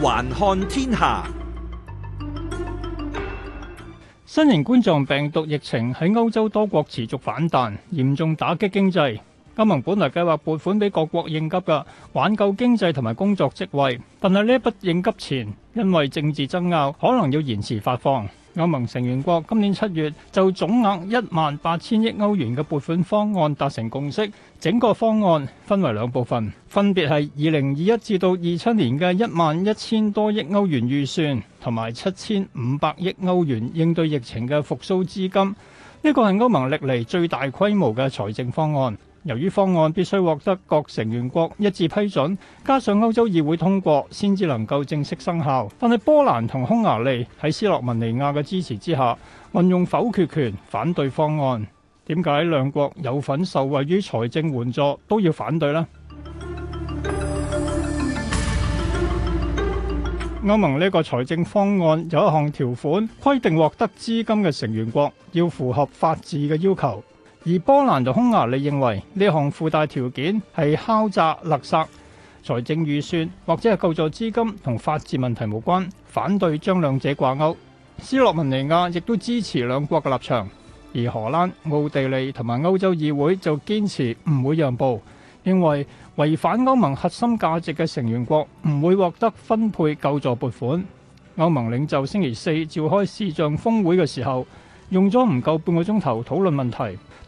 環看天下，新型冠狀病毒疫情喺歐洲多國持續反彈，嚴重打擊經濟。歐盟本來計劃撥款俾各國應急嘅，挽救經濟同埋工作職位，但係呢一筆應急錢因為政治爭拗，可能要延遲發放。歐盟成員國今年七月就總額一萬八千億歐元嘅撥款方案達成共識，整個方案分為兩部分，分別係二零二一至到二七年嘅一萬一千多億歐元預算，同埋七千五百億歐元應對疫情嘅復甦資金。呢個係歐盟歷嚟最大規模嘅財政方案。由於方案必須獲得各成員國一致批准，加上歐洲議會通過，先至能夠正式生效。但係波蘭同匈牙利喺斯洛文尼亞嘅支持之下，運用否決權反對方案。點解兩國有份受惠於財政援助都要反對呢？歐盟呢個財政方案有一項條款規定，獲得資金嘅成員國要符合法治嘅要求。而波蘭同匈牙利認為呢項附帶條件係敲詐勒索財政預算或者係救助資金同法治問題無關，反對將兩者掛鈎。斯洛文尼亞亦都支持兩國嘅立場，而荷蘭、奧地利同埋歐洲議會就堅持唔會讓步，認為違反歐盟核心價值嘅成員國唔會獲得分配救助撥款。歐盟領袖星期四召開視像峰會嘅時候，用咗唔夠半個鐘頭討論問題。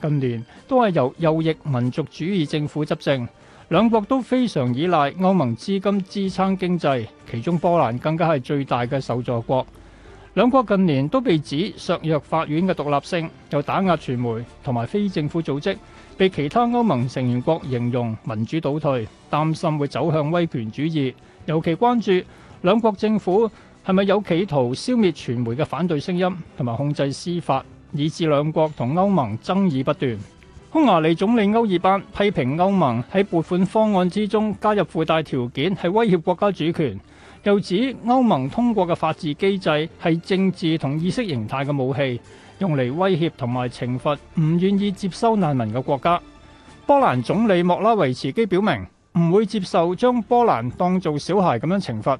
近年都係由右翼民族主義政府執政，兩國都非常依賴歐盟資金支撐經濟，其中波蘭更加係最大嘅受助國。兩國近年都被指削弱法院嘅獨立性，又打壓傳媒同埋非政府組織，被其他歐盟成員國形容民主倒退，擔心會走向威權主義，尤其關注兩國政府係咪有企圖消滅傳媒嘅反對聲音同埋控制司法。以致兩國同歐盟爭議不斷。匈牙利總理歐爾班批評歐盟喺撥款方案之中加入附帶條件係威脅國家主權，又指歐盟通過嘅法治機制係政治同意識形態嘅武器，用嚟威脅同埋懲罰唔願意接收難民嘅國家。波蘭總理莫拉維茨基表明唔會接受將波蘭當做小孩咁樣懲罰，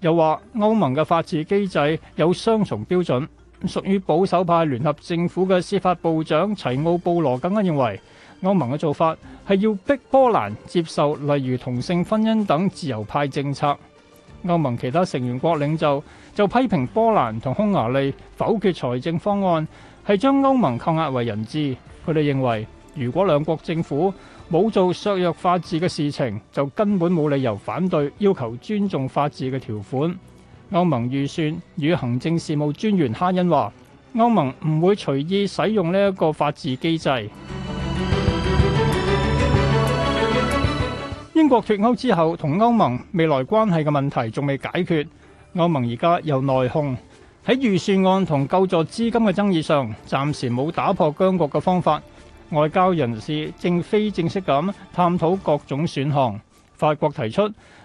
又話歐盟嘅法治機制有雙重標準。屬於保守派聯合政府嘅司法部長齊奧布羅更加認為歐盟嘅做法係要逼波蘭接受例如同性婚姻等自由派政策。歐盟其他成員國領袖就批評波蘭同匈牙利否決財政方案係將歐盟扣押為人質。佢哋認為如果兩國政府冇做削弱法治嘅事情，就根本冇理由反對要求尊重法治嘅條款。歐盟預算與行政事務專員哈恩話：歐盟唔會隨意使用呢一個法治機制。英國脫歐之後，同歐盟未來關係嘅問題仲未解決，歐盟而家又內訌。喺預算案同救助資金嘅爭議上，暫時冇打破僵局嘅方法。外交人士正非正式咁探討各種選項。法國提出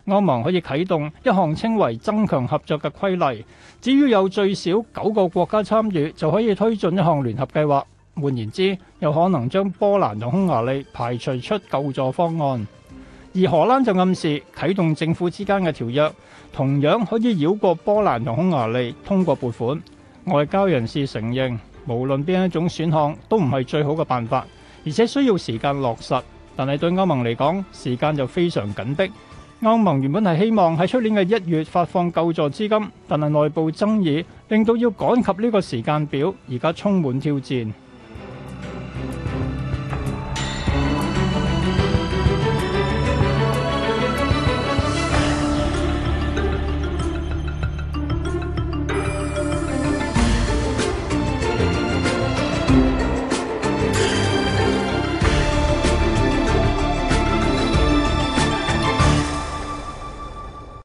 歐盟可以啟動一項稱為增強合作嘅規例，只要有最少九個國家參與，就可以推進一項聯合計劃。換言之，有可能將波蘭同匈牙利排除出救助方案。而荷蘭就暗示啟動政府之間嘅條約，同樣可以繞過波蘭同匈牙利通過撥款。外交人士承認，無論邊一種選項都唔係最好嘅辦法，而且需要時間落實。但係對歐盟嚟講，時間就非常緊迫。歐盟原本係希望喺出年嘅一月發放救助資金，但係內部爭議令到要趕及呢個時間表，而家充滿挑戰。